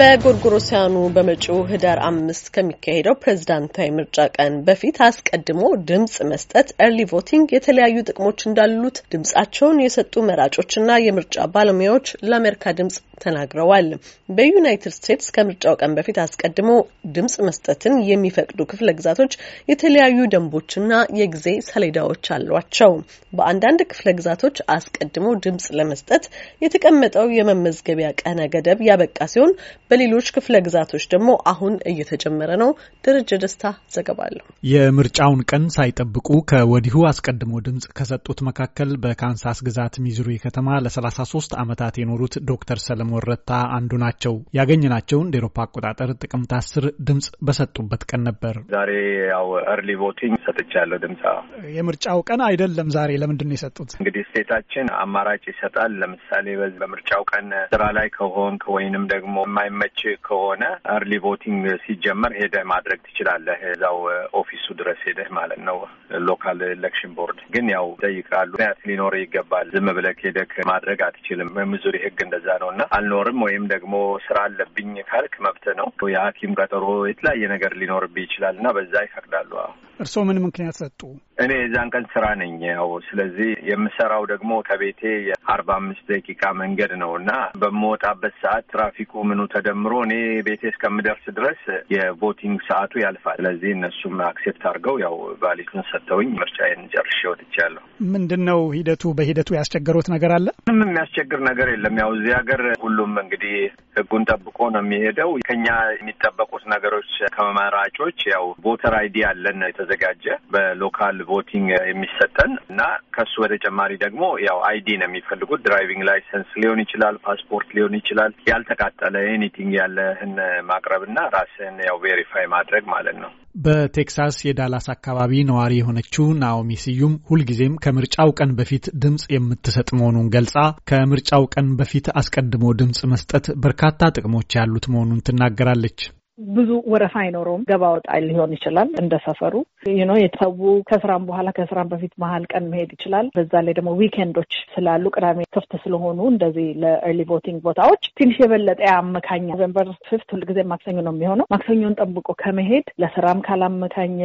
በጎርጎሮሲያኑ በመጪው ህዳር አምስት ከሚካሄደው ፕሬዝዳንታዊ ምርጫ ቀን በፊት አስቀድሞ ድምጽ መስጠት ኤርሊ ቮቲንግ የተለያዩ ጥቅሞች እንዳሉት ድምጻቸውን የሰጡ መራጮችና የምርጫ ባለሙያዎች ለአሜሪካ ድምጽ ተናግረዋል። በዩናይትድ ስቴትስ ከምርጫው ቀን በፊት አስቀድሞ ድምጽ መስጠትን የሚፈቅዱ ክፍለ ግዛቶች የተለያዩ ደንቦችና የጊዜ ሰሌዳዎች አሏቸው። በአንዳንድ ክፍለ ግዛቶች አስቀድሞ ድምጽ ለመስጠት የተቀመጠው የመመዝገቢያ ቀነ ገደብ ያበቃ ሲሆን በሌሎች ክፍለ ግዛቶች ደግሞ አሁን እየተጀመረ ነው። ደረጀ ደስታ ዘገባለሁ። የምርጫውን ቀን ሳይጠብቁ ከወዲሁ አስቀድሞ ድምጽ ከሰጡት መካከል በካንሳስ ግዛት ሚዙሪ ከተማ ለ33 ዓመታት የኖሩት ዶክተር ሰለሞን ረታ አንዱ ናቸው። ያገኘናቸውን እንደ ኤሮፓ አቆጣጠር ጥቅምት አስር ድምጽ በሰጡበት ቀን ነበር። ዛሬ ያው እርሊ ቮቲንግ ሰጥቻለሁ ድምጽ። የምርጫው ቀን አይደለም ዛሬ። ለምንድን ነው የሰጡት? እንግዲህ ስቴታችን አማራጭ ይሰጣል። ለምሳሌ በምርጫው ቀን ስራ ላይ ከሆንክ ወይንም ደግሞ የማይ የሚመች ከሆነ እርሊ ቮቲንግ ሲጀመር ሄደህ ማድረግ ትችላለህ። እዛው ኦፊሱ ድረስ ሄደህ ማለት ነው። ሎካል ኤሌክሽን ቦርድ ግን ያው ይጠይቃሉ። ምክንያት ሊኖር ይገባል። ዝም ብለህ ሄደህ ማድረግ አትችልም። ሚዙሪ ህግ እንደዛ ነው እና አልኖርም ወይም ደግሞ ስራ አለብኝ ካልክ መብት ነው። የሐኪም ቀጠሮ የተለያየ ነገር ሊኖርብህ ይችላል እና በዛ ይፈቅዳሉ። እርስዎ ምን ምክንያት ሰጡ? እኔ የዛን ቀን ስራ ነኝ። ያው ስለዚህ የምሰራው ደግሞ ከቤቴ የአርባ አምስት ደቂቃ መንገድ ነው እና በምወጣበት ሰዓት ትራፊኩ ምኑ ተደምሮ እኔ ቤቴ እስከምደርስ ድረስ የቮቲንግ ሰዓቱ ያልፋል። ስለዚህ እነሱም አክሴፕት አድርገው ያው ቫሊቱን ሰጥተውኝ ምርጫዬን ጨርሼ ወጥቻለሁ። ምንድን ነው ሂደቱ? በሂደቱ ያስቸገሩት ነገር አለ? ምንም የሚያስቸግር ነገር የለም። ያው እዚህ ሀገር ሁሉም እንግዲህ ህጉን ጠብቆ ነው የሚሄደው። ከኛ የሚጠበቁት ነገሮች ከመራጮች ያው ቮተር አይዲ አለን የተዘጋጀ በሎካል ቮቲንግ uh, የሚሰጠን እና ከሱ በተጨማሪ ደግሞ ያው አይዲ ነው የሚፈልጉት። ድራይቪንግ ላይሰንስ ሊሆን ይችላል፣ ፓስፖርት ሊሆን ይችላል። ያልተቃጠለ ኤኒቲንግ ያለህን ማቅረብ እና ራስህን ያው ቬሪፋይ ማድረግ ማለት ነው። በቴክሳስ የዳላስ አካባቢ ነዋሪ የሆነችው ናኦሚ ስዩም ሁልጊዜም ከምርጫው ቀን በፊት ድምፅ የምትሰጥ መሆኑን ገልጻ ከምርጫው ቀን በፊት አስቀድሞ ድምፅ መስጠት በርካታ ጥቅሞች ያሉት መሆኑን ትናገራለች። ብዙ ወረፋ አይኖረውም። ገባ ወጣ ሊሆን ይችላል እንደ ሰፈሩ ዩኖ የተሰው ከስራም በኋላ ከስራም በፊት መሀል ቀን መሄድ ይችላል። በዛ ላይ ደግሞ ዊኬንዶች ስላሉ ቅዳሜ ክፍት ስለሆኑ እንደዚህ ለኤርሊ ቮቲንግ ቦታዎች ትንሽ የበለጠ ያመካኛ። ኖቨምበር ፊፍት ሁልጊዜ ማክሰኞ ነው የሚሆነው። ማክሰኞን ጠብቆ ከመሄድ ለስራም ካላመካኘ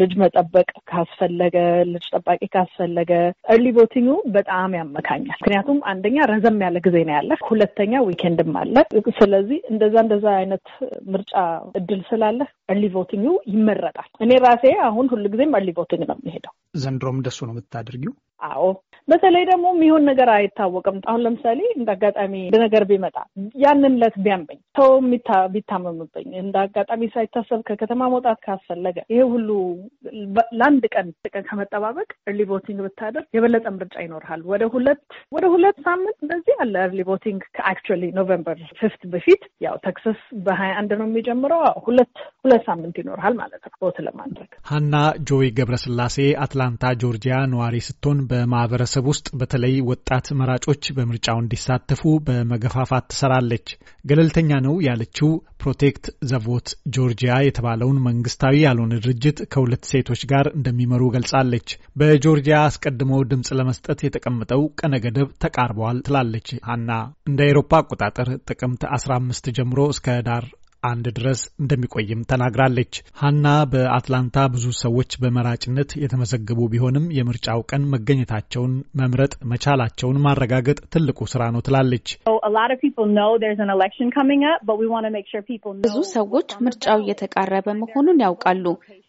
ልጅ መጠበቅ ካስፈለገ ልጅ ጠባቂ ካስፈለገ ኤርሊ ቮቲንጉ በጣም ያመካኛል። ምክንያቱም አንደኛ ረዘም ያለ ጊዜ ነው ያለ፣ ሁለተኛ ዊኬንድም አለ። ስለዚህ እንደዛ እንደዛ አይነት ምርጫ እድል ስላለ እርሊ ቮቲንግ ይመረጣል። እኔ ራሴ አሁን ጊዜም እርሊ ቮቲንግ ነው የሚሄደው። ዘንድሮም እንደሱ ነው የምታደርጊው? አዎ በተለይ ደግሞ የሚሆን ነገር አይታወቅም። አሁን ለምሳሌ እንደ አጋጣሚ ነገር ቢመጣ ያንን ለት ቢያምበኝ ሰው ቢታመምብኝ እንደ አጋጣሚ ሳይታሰብ ከከተማ መውጣት ካስፈለገ ይሄ ሁሉ ለአንድ ቀን ቀን ከመጠባበቅ እርሊ ቦቲንግ ብታደርግ የበለጠ ምርጫ ይኖርሃል። ወደ ሁለት ወደ ሁለት ሳምንት እንደዚህ አለ እርሊ ቦቲንግ ከአክቹዋሊ ኖቨምበር ፊፍት በፊት ያው ተክሰስ በሀያ አንድ ነው የሚጀምረው። ሁለት ሁለት ሳምንት ይኖርሃል ማለት ነው ቦት ለማድረግ። ሀና ጆይ ገብረስላሴ አትላንታ ጆርጂያ ነዋሪ ስትሆን በማህበረሰብ ውስጥ በተለይ ወጣት መራጮች በምርጫው እንዲሳተፉ በመገፋፋት ትሰራለች። ገለልተኛ ነው ያለችው ፕሮቴክት ዘቮት ጆርጂያ የተባለውን መንግስታዊ ያልሆነ ድርጅት ከሁለት ሴቶች ጋር እንደሚመሩ ገልጻለች። በጆርጂያ አስቀድሞ ድምፅ ለመስጠት የተቀመጠው ቀነ ገደብ ተቃርበዋል ትላለች ሀና። እንደ አውሮፓ አቆጣጠር ጥቅምት 15 ጀምሮ እስከ ዳር አንድ ድረስ እንደሚቆይም ተናግራለች። ሀና በአትላንታ ብዙ ሰዎች በመራጭነት የተመዘገቡ ቢሆንም የምርጫው ቀን መገኘታቸውን መምረጥ መቻላቸውን ማረጋገጥ ትልቁ ስራ ነው ትላለች። ብዙ ሰዎች ምርጫው እየተቃረበ መሆኑን ያውቃሉ።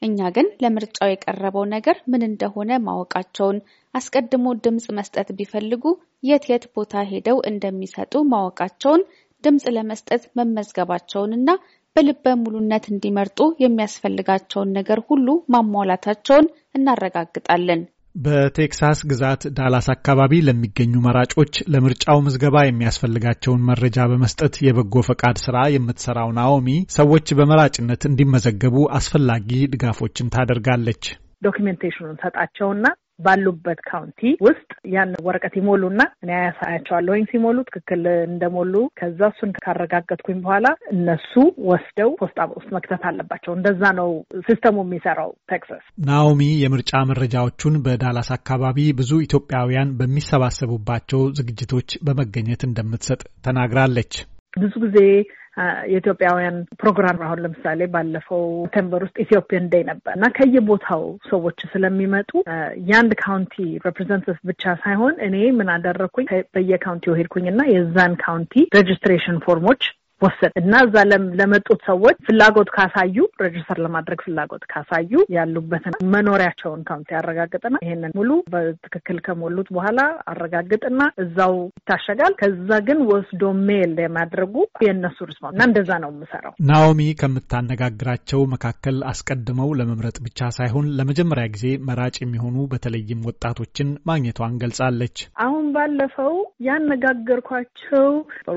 እኛ ግን ለምርጫው የቀረበው ነገር ምን እንደሆነ ማወቃቸውን አስቀድሞ ድምፅ መስጠት ቢፈልጉ የት የት ቦታ ሄደው እንደሚሰጡ ማወቃቸውን ድምፅ ለመስጠት መመዝገባቸውንና በልበ ሙሉነት እንዲመርጡ የሚያስፈልጋቸውን ነገር ሁሉ ማሟላታቸውን እናረጋግጣለን። በቴክሳስ ግዛት ዳላስ አካባቢ ለሚገኙ መራጮች ለምርጫው ምዝገባ የሚያስፈልጋቸውን መረጃ በመስጠት የበጎ ፈቃድ ስራ የምትሰራው ናኦሚ ሰዎች በመራጭነት እንዲመዘገቡ አስፈላጊ ድጋፎችን ታደርጋለች። ዶኪሜንቴሽኑን ሰጣቸውና ባሉበት ካውንቲ ውስጥ ያን ወረቀት ይሞሉና እኔ ያሳያቸዋለሁኝ ሲሞሉ ትክክል እንደሞሉ ከዛ እሱን ካረጋገጥኩኝ በኋላ እነሱ ወስደው ፖስታ ውስጥ መክተት አለባቸው። እንደዛ ነው ሲስተሙ የሚሰራው። ቴክሳስ ናኦሚ የምርጫ መረጃዎቹን በዳላስ አካባቢ ብዙ ኢትዮጵያውያን በሚሰባሰቡባቸው ዝግጅቶች በመገኘት እንደምትሰጥ ተናግራለች። ብዙ ጊዜ የኢትዮጵያውያን ፕሮግራም አሁን ለምሳሌ ባለፈው ቴምበር ውስጥ ኢትዮጵያን ዴይ ነበር እና ከየቦታው ሰዎች ስለሚመጡ የአንድ ካውንቲ ሬፕሬዘንቲቭ ብቻ ሳይሆን እኔ ምን አደረግኩኝ በየካውንቲው ሄድኩኝ እና የዛን ካውንቲ ሬጅስትሬሽን ፎርሞች ወሰድ እና እዛ ለመጡት ሰዎች ፍላጎት ካሳዩ ሬጅስተር ለማድረግ ፍላጎት ካሳዩ ያሉበትን መኖሪያቸውን ካውንቲ ያረጋግጥና ይሄንን ሙሉ በትክክል ከሞሉት በኋላ አረጋግጥና እዛው ይታሸጋል። ከዛ ግን ወስዶ ሜል የማድረጉ የእነሱ ርስማ እና እንደዛ ነው የምሰራው። ናኦሚ ከምታነጋግራቸው መካከል አስቀድመው ለመምረጥ ብቻ ሳይሆን ለመጀመሪያ ጊዜ መራጭ የሚሆኑ በተለይም ወጣቶችን ማግኘቷን ገልጻለች። አሁን ባለፈው ያነጋገርኳቸው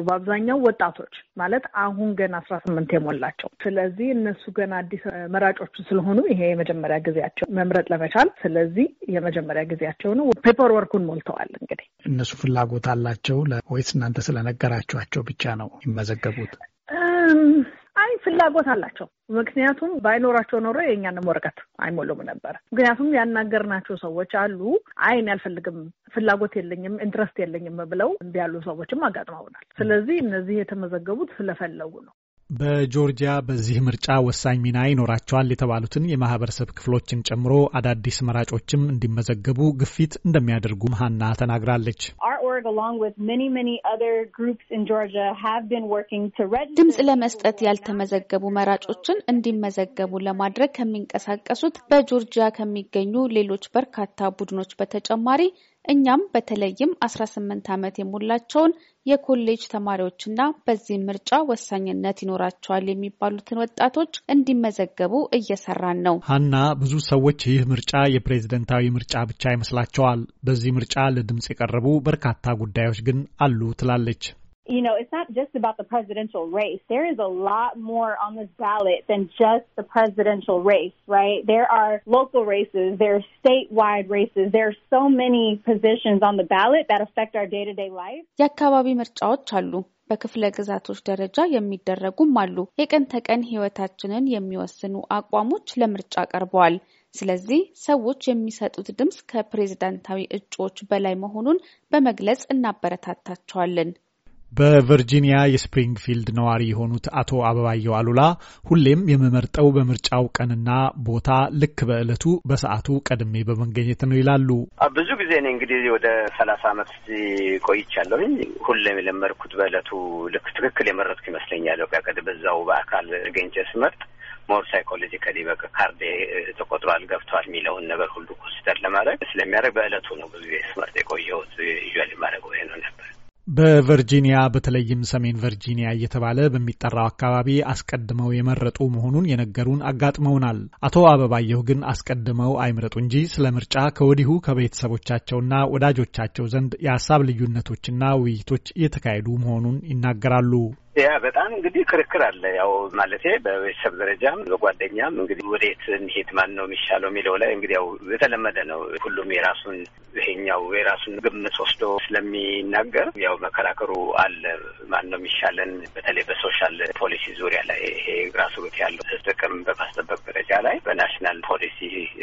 በአብዛኛው ወጣቶች ማለት አሁን ገና አስራ ስምንት የሞላቸው ስለዚህ እነሱ ገና አዲስ መራጮቹ ስለሆኑ ይሄ የመጀመሪያ ጊዜያቸው መምረጥ ለመቻል ስለዚህ የመጀመሪያ ጊዜያቸው ነው። ፔፐር ወርኩን ሞልተዋል። እንግዲህ እነሱ ፍላጎት አላቸው ወይስ እናንተ ስለነገራችኋቸው ብቻ ነው ይመዘገቡት ፍላጎት አላቸው። ምክንያቱም ባይኖራቸው ኖሮ የእኛንም ወረቀት አይሞሉም ነበር። ምክንያቱም ያናገርናቸው ሰዎች አሉ፣ አይን አልፈልግም፣ ፍላጎት የለኝም፣ ኢንትረስት የለኝም ብለው እንዲያሉ ያሉ ሰዎችም አጋጥመውናል። ስለዚህ እነዚህ የተመዘገቡት ስለፈለጉ ነው። በጆርጂያ በዚህ ምርጫ ወሳኝ ሚና ይኖራቸዋል የተባሉትን የማህበረሰብ ክፍሎችን ጨምሮ አዳዲስ መራጮችም እንዲመዘገቡ ግፊት እንደሚያደርጉም ሀና ተናግራለች። ድምፅ ለመስጠት ያልተመዘገቡ መራጮችን እንዲመዘገቡ ለማድረግ ከሚንቀሳቀሱት በጆርጂያ ከሚገኙ ሌሎች በርካታ ቡድኖች በተጨማሪ እኛም በተለይም 18 ዓመት የሞላቸውን የኮሌጅ ተማሪዎችና በዚህ ምርጫ ወሳኝነት ይኖራቸዋል የሚባሉትን ወጣቶች እንዲመዘገቡ እየሰራን ነው። ሀና፣ ብዙ ሰዎች ይህ ምርጫ የፕሬዝደንታዊ ምርጫ ብቻ ይመስላቸዋል። በዚህ ምርጫ ለድምፅ የቀረቡ በርካታ ጉዳዮች ግን አሉ ትላለች። you know, it's not just about the presidential race. There is a lot more on this ballot than just the presidential race, right? There are local races, there are statewide races, there are so many positions on the ballot that affect our day to day life. የአካባቢ ምርጫዎች አሉ። በክፍለ ግዛቶች ደረጃ የሚደረጉም አሉ። የቀን ተቀን ህይወታችንን የሚወስኑ አቋሞች ለምርጫ ቀርበዋል። ስለዚህ ሰዎች የሚሰጡት ድምፅ ከፕሬዝዳንታዊ እጩዎች በላይ መሆኑን በመግለጽ እናበረታታቸዋለን። በቨርጂኒያ የስፕሪንግፊልድ ነዋሪ የሆኑት አቶ አበባየው አሉላ ሁሌም የምመርጠው በምርጫው ቀንና ቦታ ልክ በእለቱ በሰዓቱ ቀድሜ በመገኘት ነው ይላሉ። ብዙ ጊዜ እኔ እንግዲህ ወደ ሰላሳ አመት ቆይቻለሁኝ። ሁሌም የለመድኩት በእለቱ ልክ ትክክል የመረጥኩ ይመስለኛል። ቀቅድ በዛው በአካል ገኝቼ ስመርጥ ሞር ሳይኮሎጂካሊ በቃ ካርዴ ተቆጥሯል ገብቷል የሚለውን ነገር ሁሉ ኮንሲደር ለማድረግ ስለሚያደርግ በእለቱ ነው ብዙ ጊዜ ስመርጥ የቆየሁት። ዩል ማድረግ ወይ ነው ነበር በቨርጂኒያ በተለይም ሰሜን ቨርጂኒያ እየተባለ በሚጠራው አካባቢ አስቀድመው የመረጡ መሆኑን የነገሩን አጋጥመውናል። አቶ አበባየሁ ግን አስቀድመው አይምረጡ እንጂ ስለ ምርጫ ከወዲሁ ከቤተሰቦቻቸውና ወዳጆቻቸው ዘንድ የሀሳብ ልዩነቶችና ውይይቶች እየተካሄዱ መሆኑን ይናገራሉ። ያ በጣም እንግዲህ ክርክር አለ። ያው ማለት በቤተሰብ ደረጃም በጓደኛም እንግዲህ ወዴት እንሄድ ማን ነው የሚሻለው የሚለው ላይ እንግዲህ ያው የተለመደ ነው። ሁሉም የራሱን ይሄኛው የራሱን ግምት ወስዶ ስለሚናገር ያው መከራከሩ አለ። ማን ነው የሚሻለን? በተለይ በሶሻል ፖሊሲ ዙሪያ ላይ ይሄ ራሱ ቤት ያለው ጥቅም በማስጠበቅ ደረጃ ላይ በናሽናል ፖሊሲ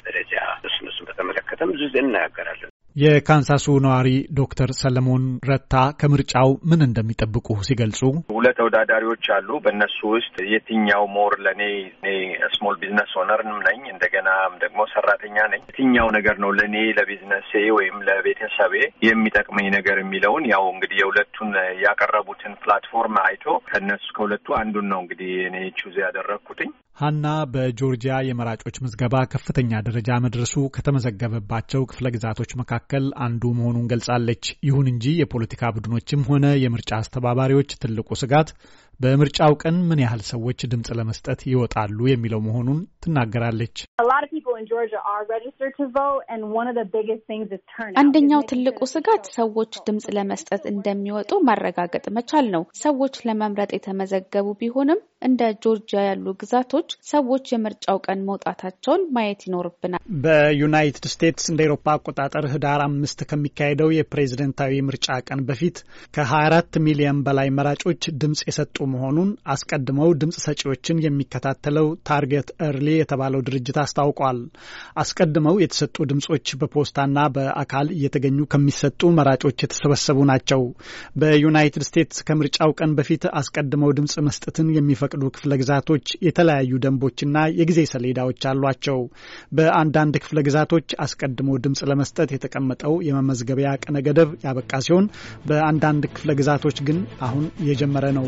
ደረጃ እሱን እሱን በተመለከተም ብዙ እናያገራለን። የካንሳሱ ነዋሪ ዶክተር ሰለሞን ረታ ከምርጫው ምን እንደሚጠብቁ ሲገልጹ ሁለት ተወዳዳሪዎች አሉ። በእነሱ ውስጥ የትኛው ሞር ለእኔ እኔ ስሞል ቢዝነስ ኦነርንም ነኝ እንደገናም ደግሞ ሰራተኛ ነኝ። የትኛው ነገር ነው ለእኔ ለቢዝነሴ ወይም ለቤተሰቤ የሚጠቅመኝ ነገር የሚለውን ያው እንግዲህ የሁለቱን ያቀረቡትን ፕላትፎርም አይቶ ከእነሱ ከሁለቱ አንዱን ነው እንግዲህ እኔ ቹዝ ያደረግኩትኝ። ሀና በጆርጂያ የመራጮች ምዝገባ ከፍተኛ ደረጃ መድረሱ ከተመዘገበባቸው ክፍለ ግዛቶች መካከል አንዱ መሆኑን ገልጻለች። ይሁን እንጂ የፖለቲካ ቡድኖችም ሆነ የምርጫ አስተባባሪዎች ትልቁ ስጋት በምርጫው ቀን ምን ያህል ሰዎች ድምፅ ለመስጠት ይወጣሉ የሚለው መሆኑን ትናገራለች። አንደኛው ትልቁ ስጋት ሰዎች ድምፅ ለመስጠት እንደሚወጡ ማረጋገጥ መቻል ነው። ሰዎች ለመምረጥ የተመዘገቡ ቢሆንም እንደ ጆርጂያ ያሉ ግዛቶች ሰዎች የምርጫው ቀን መውጣታቸውን ማየት ይኖርብናል። በዩናይትድ ስቴትስ እንደ ኤሮፓ አቆጣጠር ህዳር አምስት ከሚካሄደው የፕሬዝደንታዊ ምርጫ ቀን በፊት ከ24 ሚሊዮን በላይ መራጮች ድምፅ የሰጡ መሆኑን አስቀድመው ድምፅ ሰጪዎችን የሚከታተለው ታርጌት እርሊ የተባለው ድርጅት አስታውቋል። አስቀድመው የተሰጡ ድምፆች በፖስታና በአካል እየተገኙ ከሚሰጡ መራጮች የተሰበሰቡ ናቸው። በዩናይትድ ስቴትስ ከምርጫው ቀን በፊት አስቀድመው ድምፅ መስጠትን የሚፈቅዱ ክፍለ ግዛቶች የተለያዩ ደንቦችና የጊዜ ሰሌዳዎች አሏቸው። በአንዳንድ ክፍለ ግዛቶች አስቀድሞ ድምፅ ለመስጠት የተቀመጠው የመመዝገቢያ ቀነ ገደብ ያበቃ ሲሆን በአንዳንድ ክፍለ ግዛቶች ግን አሁን የጀመረ ነው።